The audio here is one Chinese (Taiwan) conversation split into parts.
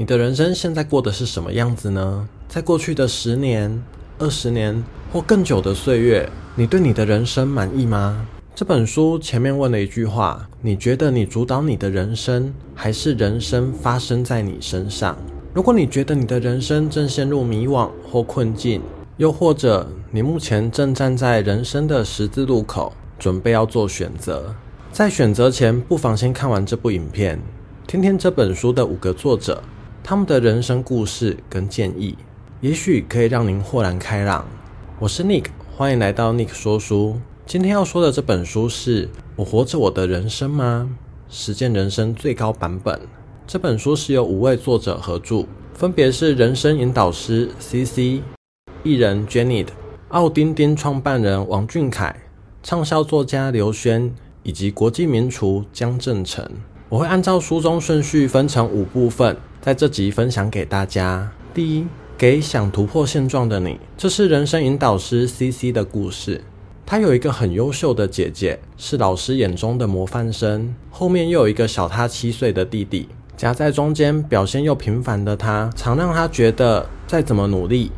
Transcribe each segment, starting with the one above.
你的人生現在過的是什麼樣子呢？在過去的十年、二十年或更久的歲月，你對你的人生滿意嗎？這本書前面問了一句話：你覺得你主導你的人生，還是人生發生在你身上？如果你覺得你的人生正陷入迷惘或困境，又或者你目前正站在人生的十字路口，準備要做選擇，在選擇前，不妨先看完這部影片，聽聽這本書的五個作者。他們的人生故事跟建議，也許可以讓您豁然開朗。我是 Nick，歡迎來到 Nick 說書。今天要說的這本書是《我活着我的人生嗎：實踐人生最高版本》。這本書是由五位作者合著，分別是人生引導師 CC、藝人 Janet、奧丁丁創辦人王俊凱、暢銷作家劉軒以及國際名廚江振誠。我會按照書中順序分成五部分。在這集分享給大家。第一，給想突破現狀的你，這是人生引導師 CC 的故事。他有一個很優秀的姐姐，是老師眼中的模範生。後面又有一個小他七歲的弟弟，夾在中間，表現又平凡的他，常讓他覺得再怎麼努力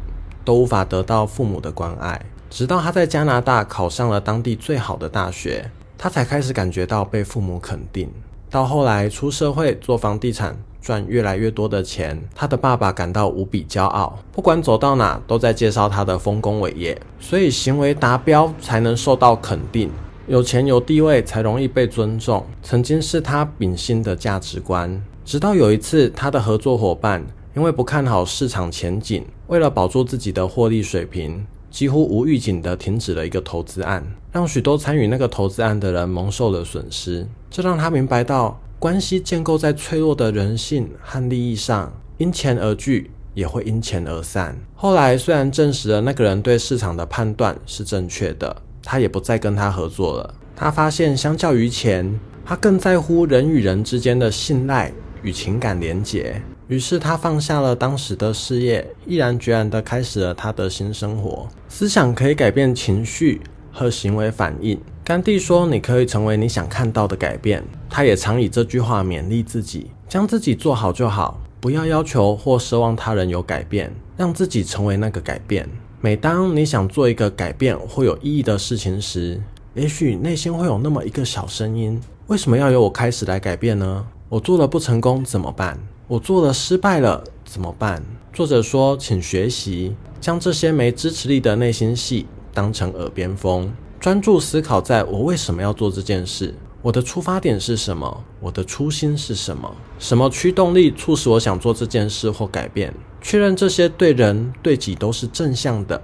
都無法得到父母的關愛。直到他在加拿大考上了當地最好的大學，他才開始感覺到被父母肯定。到後來出社會做房地產。賺越來越多的錢，他的爸爸感到無比驕傲。不管走到哪，都在介紹他的豐功偉業。所以，行為達標才能受到肯定，有錢有地位才容易被尊重，曾經是他秉性的價值觀。直到有一次，他的合作夥伴因為不看好市場前景，為了保住自己的獲利水平，幾乎無預警地停止了一個投資案，讓許多參與那個投資案的人蒙受了損失。這讓他明白到。關係建構在脆弱的人性和利益上，因錢而聚，也會因錢而散。後來雖然證實了那個人對市場的判斷是正確的，他也不再跟他合作了。他發現，相較於錢，他更在乎人與人之間的信賴與情感連結。於是，他放下了當時的事業，毅然決然地開始了他的新生活。思想可以改變情緒和行為反應。甘地說：“你可以成為你想看到的改變。”他也常以這句話勉勵自己，將自己做好就好，不要要求或奢望他人有改變，讓自己成為那個改變。每當你想做一個改變或有意義的事情時，也許內心會有那麼一個小聲音：“為什麼要由我開始來改變呢？我做了不成功怎麼辦？我做了失敗了怎麼辦？”作者說：“請學習將這些沒支持力的內心戲當成耳邊風。”專注思考，在我為什麼要做這件事？我的出發點是什麼？我的初心是什麼？什麼驅動力促使我想做這件事或改變？確認這些對人對己都是正向的，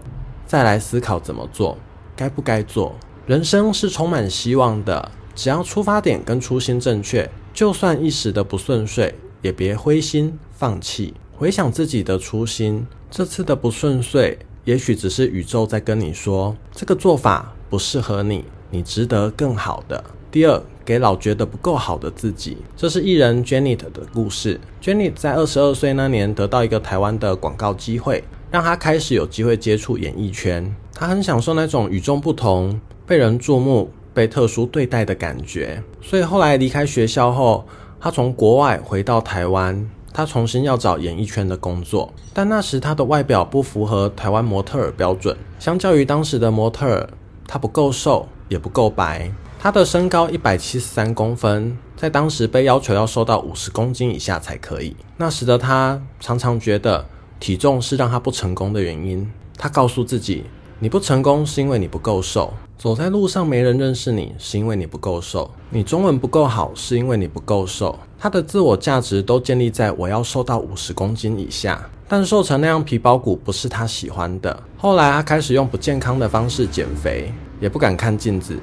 再來思考怎麼做，該不該做？人生是充滿希望的，只要出發點跟初心正確，就算一時的不順遂，也別灰心放棄。回想自己的初心，這次的不順遂，也許只是宇宙在跟你說這個做法，不適合你，你值得更好的。第二，給老覺得不夠好的自己。這是藝人 Janet 的故事。Janet 在二十二歲那年得到一個台灣的廣告機會，讓她開始有機會接觸演藝圈。她很享受那種與眾不同、被人注目、被特殊對待的感覺。所以後來離開學校後，她從國外回到台灣，她重新要找演藝圈的工作。但那時她的外表不符合台灣模特兒標準，相較於當時的模特兒。他不夠瘦，也不夠白。他的身高一百七十三公分，在當時被要求要瘦到五十公斤以下才可以。那時的他常常覺得體重是讓他不成功的原因。他告訴自己，你不成功是因為你不夠瘦，走在路上沒人認識你是因為你不夠瘦，你中文不夠好是因為你不夠瘦。他的自我價值都建立在我要瘦到五十公斤以下。但瘦成那樣皮包骨不是他喜歡的。後來他開始用不健康的方式減肥，也不敢看鏡子。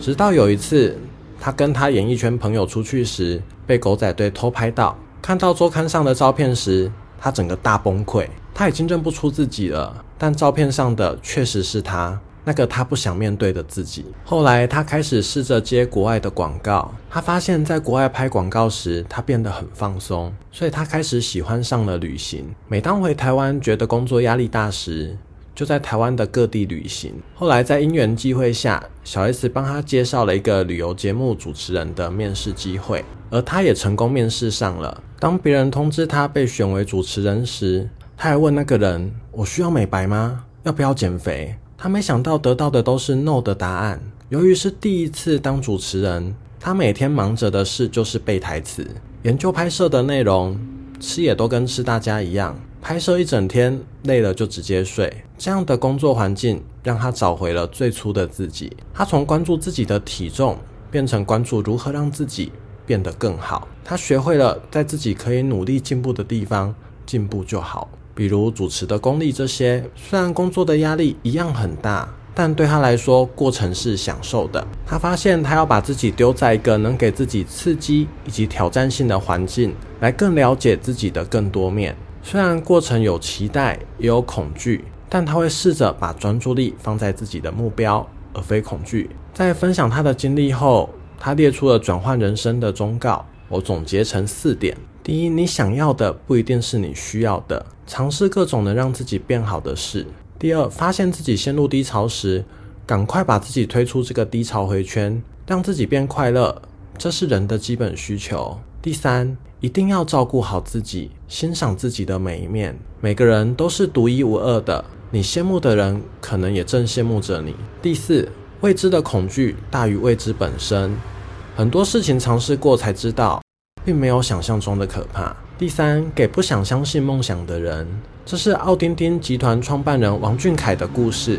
直到有一次，他跟他演藝圈朋友出去時，被狗仔隊偷拍到。看到周刊上的照片時，他整個大崩潰。他已經認不出自己了，但照片上的確實是他。那個他不想面對的自己。後來，他開始試着接國外的廣告。他發現，在國外拍廣告時，他變得很放鬆，所以他開始喜歡上了旅行。每當回台灣覺得工作壓力大時，就在台灣的各地旅行。後來，在因緣際會下，小 S 幫他介紹了一個旅遊節目主持人的面試機會，而他也成功面試上了。當別人通知他被選為主持人時，他還問那個人：“我需要美白嗎？要不要減肥？”他沒想到得到的都是 “no” 的答案。由於是第一次當主持人，他每天忙着的事就是背台詞、研究拍攝的內容。吃也都跟吃大家一樣，拍攝一整天累了就直接睡。這樣的工作環境讓他找回了最初的自己。他從關注自己的體重，變成關注如何讓自己變得更好。他學會了在自己可以努力進步的地方進步就好。比如主持的功力這些，雖然工作的壓力一樣很大，但對他來說，過程是享受的。他發現，他要把自己丟在一個能給自己刺激以及挑戰性的環境，來更了解自己的更多面。雖然過程有期待，也有恐懼，但他會試着把專注力放在自己的目標，而非恐懼。在分享他的經歷後，他列出了轉換人生的忠告。我總結成四點：第一，你想要的不一定是你需要的，嘗試各種能讓自己變好的事；第二，發現自己陷入低潮時，趕快把自己推出這個低潮回圈，讓自己變快樂，這是人的基本需求；第三，一定要照顧好自己，欣賞自己的每一面，每個人都是獨一無二的，你羨慕的人可能也正羨慕着你；第四，未知的恐懼大於未知本身。很多事情嘗試過才知道，並沒有想象中的可怕。第三，給不想相信夢想的人，這是奧丁丁集團創辦人王俊凱的故事。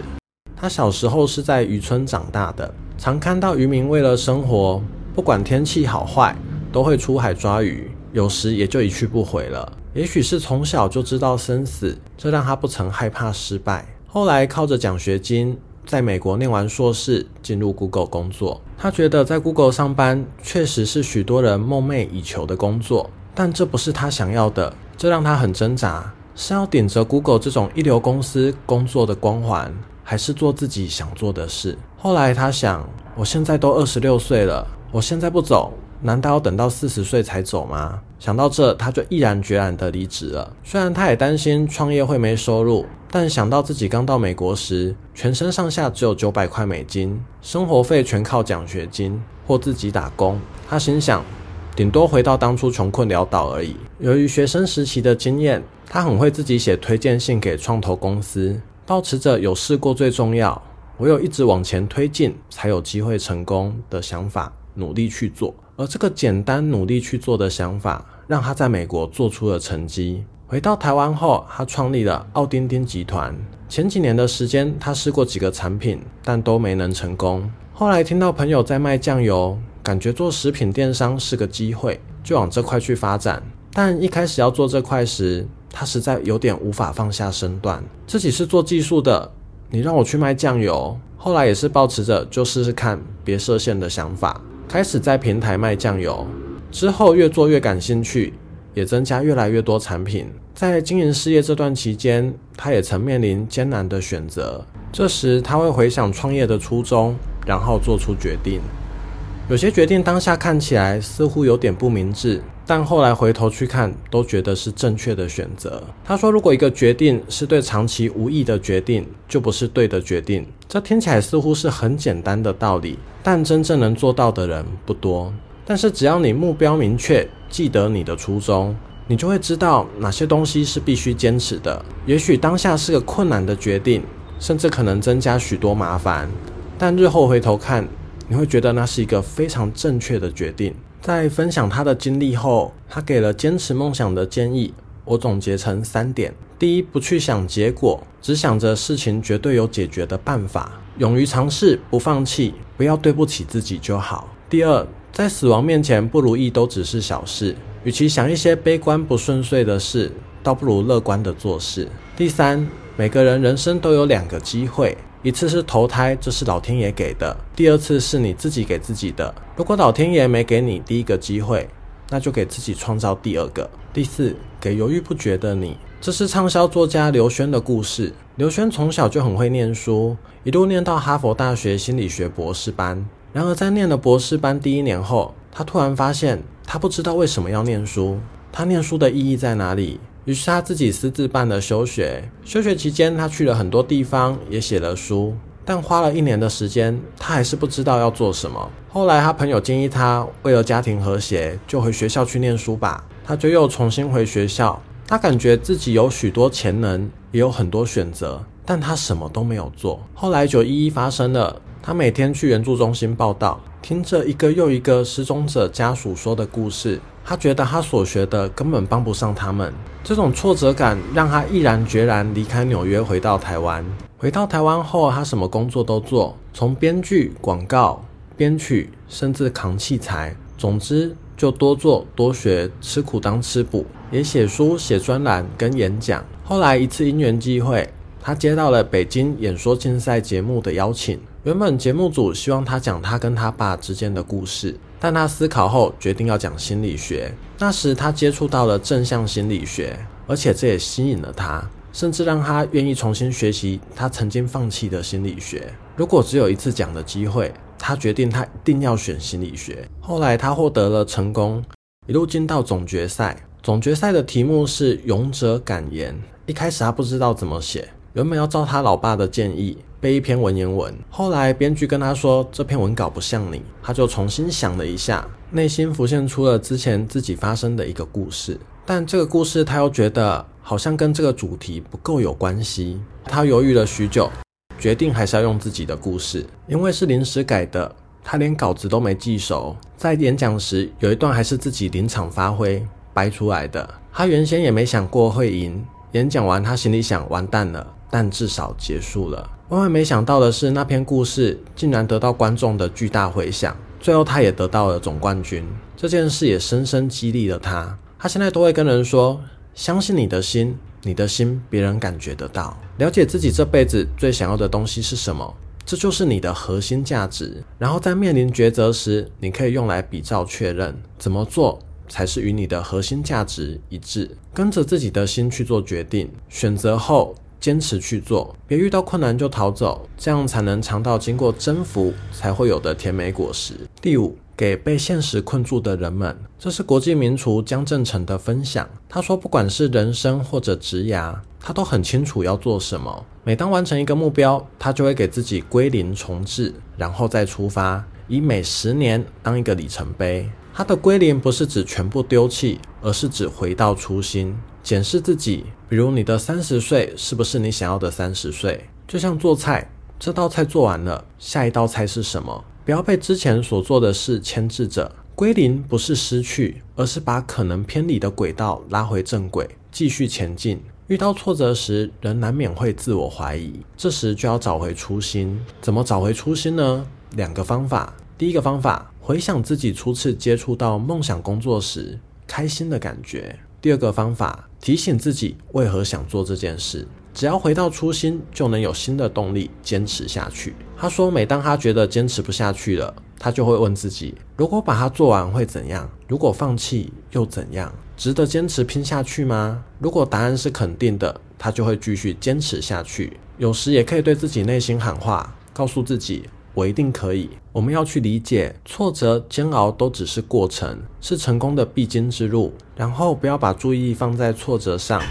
他小時候是在漁村長大的，常看到漁民為了生活，不管天氣好壞，都會出海抓魚，有時也就一去不回了。也許是從小就知道生死，這讓他不曾害怕失敗。後來靠着獎學金。在美國念完碩士，進入 Google 工作。他覺得在 Google 上班確實是許多人夢寐以求的工作，但這不是他想要的，這讓他很掙扎：是要頂着 Google 這種一流公司工作的光環，還是做自己想做的事？後來他想，我現在都二十六歲了，我現在不走，難道要等到四十歲才走嗎？想到這，他就毅然決然地離職了。雖然他也擔心創業會沒收入，但想到自己剛到美國時全身上下只有九百塊美金，生活費全靠獎學金或自己打工，他心想，頂多回到當初窮困潦倒而已。由於學生時期的經驗，他很會自己寫推薦信給創投公司，抱持着有試過最重要，唯有一直往前推進才有機會成功的想法，努力去做。而這個簡單努力去做的想法，讓他在美國做出了成績。回到台灣後，他創立了奧丁丁集團。前幾年的時間，他試過幾個產品，但都沒能成功。後來聽到朋友在賣醬油，感覺做食品電商是個機會，就往這塊去發展。但一開始要做這塊時，他實在有點無法放下身段。自己是做技術的，你讓我去賣醬油。後來也是抱持着就試試看、別設限的想法。開始在平台賣醬油，之後越做越感興趣，也增加越來越多產品。在經營事業這段期間，他也曾面臨艱難的選擇。這時他會回想創業的初衷，然後做出決定。有些決定當下看起來似乎有點不明智。但後來回頭去看，都覺得是正確的選擇。他說：“如果一個決定是對長期無益的決定，就不是對的決定。”這聽起來似乎是很簡單的道理，但真正能做到的人不多。但是只要你目標明確，記得你的初衷，你就會知道哪些東西是必須堅持的。也許當下是個困難的決定，甚至可能增加許多麻煩，但日後回頭看，你會覺得那是一個非常正確的決定。在分享他的經歷後，他給了堅持夢想的建議，我總結成三點：第一，不去想結果，只想着事情絕對有解決的辦法，勇於嘗試，不放棄，不要對不起自己就好；第二，在死亡面前，不如意都只是小事，與其想一些悲觀不順遂的事，倒不如樂觀地做事；第三，每個人人生都有兩個機會。一次是投胎，這是老天爺給的；第二次是你自己給自己的。如果老天爺沒給你第一個機會，那就給自己創造第二個。第四，給猶豫不決的你，這是暢銷作家劉軒的故事。劉軒從小就很會念書，一路念到哈佛大學心理學博士班。然而，在念了博士班第一年後，他突然發現，他不知道為什麼要念書，他念書的意義在哪裡？於是他自己私自辦了休學。休學期間，他去了很多地方，也寫了書，但花了一年的時間，他還是不知道要做什麼。後來，他朋友建議他，為了家庭和諧，就回學校去念書吧。他就又重新回學校。他感覺自己有許多潛能，也有很多選擇，但他什麼都沒有做。後來，九一一發生了。他每天去援助中心報到，聽着一個又一個失蹤者家屬說的故事。他覺得他所學的根本幫不上他們，這種挫折感讓他毅然決然離開紐約，回到台灣。回到台灣後，他什麼工作都做，從編劇、廣告、編曲，甚至扛器材，總之就多做多學，吃苦當吃補，也寫書、寫專欄跟演講。後來一次因緣際會，他接到了北京演說競賽節目的邀請。原本節目組希望他講他跟他爸之間的故事，但他思考後決定要講心理學。那時他接觸到了正向心理學，而且這也吸引了他，甚至讓他願意重新學習他曾經放棄的心理學。如果只有一次講的機會，他決定他一定要選心理學。後來他獲得了成功，一路進到總決賽。總決賽的題目是“勇者敢言”，一開始他不知道怎麼寫，原本要照他老爸的建議。背一篇文言文，後來編劇跟他說，這篇文稿不像你，他就重新想了一下，內心浮現出了之前自己發生的一個故事，但這個故事他又覺得好像跟這個主題不夠有關係，他猶豫了許久，決定還是要用自己的故事，因為是臨時改的，他連稿子都沒記熟，在演講時有一段還是自己臨場發揮掰出來的，他原先也沒想過會贏，演講完他心裡想完蛋了。但至少結束了。萬萬沒想到的是，那篇故事竟然得到觀眾的巨大回響。最後，他也得到了總冠軍。這件事也深深激勵了他。他現在都會跟人說：“相信你的心，你的心別人感覺得到。了解自己這輩子最想要的東西是什麼，這就是你的核心價值。然後在面臨抉擇時，你可以用來比照確認，怎麼做才是與你的核心價值一致。跟着自己的心去做決定，選擇後。”堅持去做，別遇到困難就逃走，這樣才能嘗到經過征服才會有的甜美果實。第五，給被現實困住的人們，這是國際名廚江振誠的分享。他說，不管是人生或者職涯，他都很清楚要做什麼。每當完成一個目標，他就會給自己歸零重置，然後再出發。以每十年當一個里程碑，他的歸零不是指全部丟棄，而是指回到初心。檢視自己，比如你的三十歲是不是你想要的三十歲？就像做菜，這道菜做完了，下一道菜是什麼？不要被之前所做的事牽制着。歸零不是失去，而是把可能偏離的軌道拉回正軌，繼續前進。遇到挫折時，人難免會自我懷疑，這時就要找回初心。怎麼找回初心呢？兩個方法。第一個方法，回想自己初次接觸到夢想工作時開心的感覺。第二個方法，提醒自己為何想做這件事。只要回到初心，就能有新的動力堅持下去。他說，每當他覺得堅持不下去了，他就會問自己：如果把它做完會怎樣？如果放棄又怎樣？值得堅持拼下去嗎？如果答案是肯定的，他就會繼續堅持下去。有時也可以對自己內心喊話，告訴自己。我一定可以。我們要去理解，挫折、煎熬都只是過程，是成功的必經之路。然後不要把注意力放在挫折上，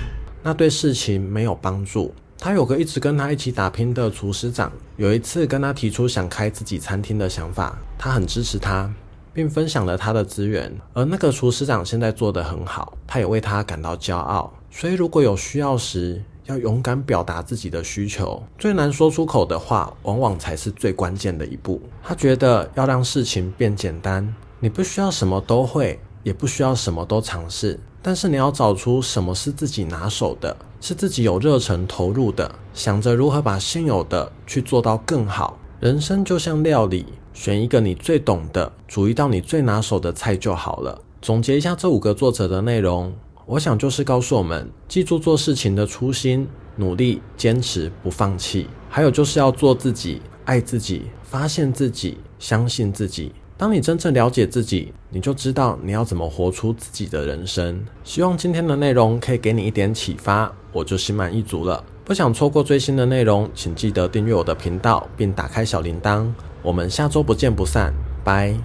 那對事情沒有幫助。他有個一直跟他一起打拼的廚師長，有一次跟他提出想開自己餐廳的想法，他很支持他，並分享了他的資源。而那個廚師長現在做得很好，他也為他感到驕傲。所以如果有需要時，要勇敢表達自己的需求，最難說出口的話，往往才是最關鍵的一步。他覺得要讓事情變簡單，你不需要什麼都會，也不需要什麼都嘗試，但是你要找出什麼是自己拿手的，是自己有熱忱投入的，想着如何把現有的去做到更好。人生就像料理，選一個你最懂的，煮一道你最拿手的菜就好了。總結一下這五個作者的內容。我想就是告訴我們，記住做事情的初心，努力堅持不放棄，還有就是要做自己，愛自己，發現自己，相信自己。當你真正了解自己，你就知道你要怎麼活出自己的人生。希望今天的內容可以給你一點啟發，我就心滿意足了。不想錯過最新的內容，請記得訂閱我的頻道並打開小鈴鐺。我們下週不見不散，拜。